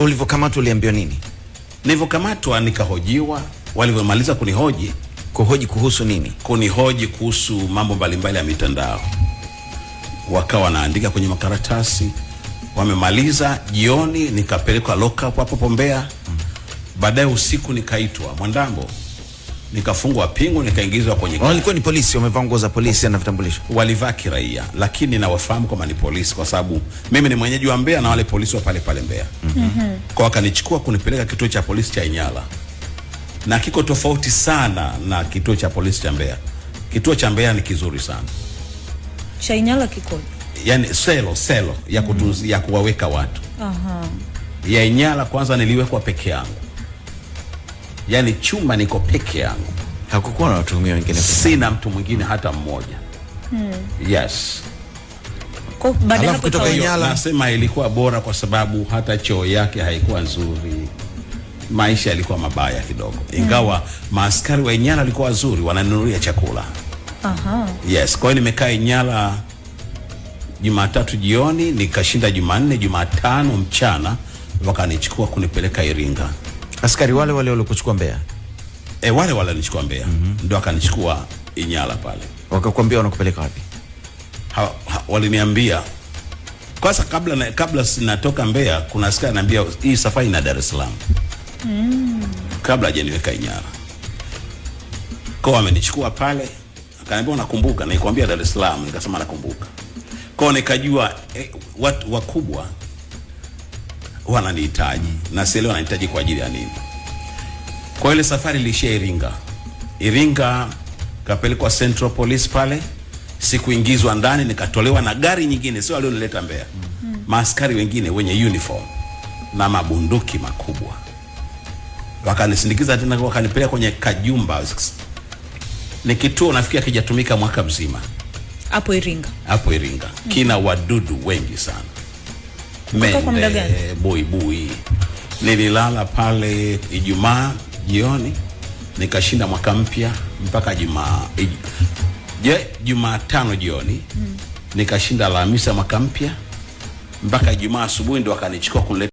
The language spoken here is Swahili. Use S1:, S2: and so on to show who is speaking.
S1: Ulivyokamatwa uliambiwa nini?
S2: Nilivyokamatwa nikahojiwa, walivyomaliza kunihoji.
S1: Kuhoji kuhusu nini?
S2: Kunihoji kuhusu mambo mbalimbali ya mitandao, wakawa wanaandika kwenye makaratasi. Wamemaliza jioni, nikapelekwa lockup hapo Pombea. Mm. Baadaye usiku nikaitwa Mwandambo, nikafungwa pingu nikaingizwa kwenye
S1: gari. Walikuwa ni polisi, wamevaa nguo za polisi na vitambulisho,
S2: walivaa kiraia, lakini nawafahamu kama ni polisi kwa sababu mimi ni mwenyeji wa Mbeya na wale polisi wa pale pale Mbeya. mm -hmm. Kwa wakanichukua kunipeleka kituo cha polisi cha Inyala, na kiko tofauti sana na kituo cha polisi cha Mbeya. Kituo cha Mbeya ni kizuri sana.
S3: Cha Inyala kiko
S2: yani selo selo ya kutunzi, mm -hmm. ya kuwaweka watu. Aha. Uh -huh. Ya Inyala kwanza niliwekwa peke yangu yani chumba niko peke yangu,
S1: hakukuwa na watuhumiwa wengine,
S2: sina mtu mwingine hata mmoja hmm. Yes, nasema ilikuwa bora kwa sababu hata choo yake haikuwa nzuri, maisha yalikuwa mabaya kidogo, hmm. ingawa hmm. maaskari wa Inyala walikuwa wazuri, wananunulia chakula Aha. Yes, kwa hiyo nimekaa Inyala Jumatatu jioni nikashinda Jumanne, Jumatano mchana wakanichukua kunipeleka Iringa.
S1: Askari wale wale waliokuchukua Mbeya
S2: e, wale wale walinichukua Mbeya mm -hmm. Ndo akanichukua Inyala pale,
S1: wakakwambia wanakupeleka wapi?
S2: ha, ha, waliniambia kwanza, kabla na, kabla sinatoka Mbeya kuna askari ananiambia hii safari ina Dar es Salaam mm. Kabla hajaniweka Inyala kwao, amenichukua pale, akaniambia unakumbuka, nilikwambia Dar es Salaam, nikasema nakumbuka kwao, nikajua eh, watu wakubwa wananihitaji na sielewi wananihitaji kwa ajili ya nini. Kwa ile safari ilishia Iringa. Iringa kapelekwa Central Police pale, sikuingizwa ndani, nikatolewa na gari nyingine, sio alionileta Mbeya. Mm. Maaskari wengine wenye uniform na mabunduki makubwa wakanisindikiza tena, wakanipeleka kwenye kajumba, ni kituo nafikiri hakijatumika mwaka mzima hapo Iringa, hapo Iringa mm. kina wadudu wengi sana Mende buibui. Nililala pale Ijumaa jioni nikashinda mwaka mpya mpaka Jumaa je, Jumatano jioni mm. Nikashinda Alhamisi mwaka mpya mpaka Ijumaa asubuhi ndo akanichukua kule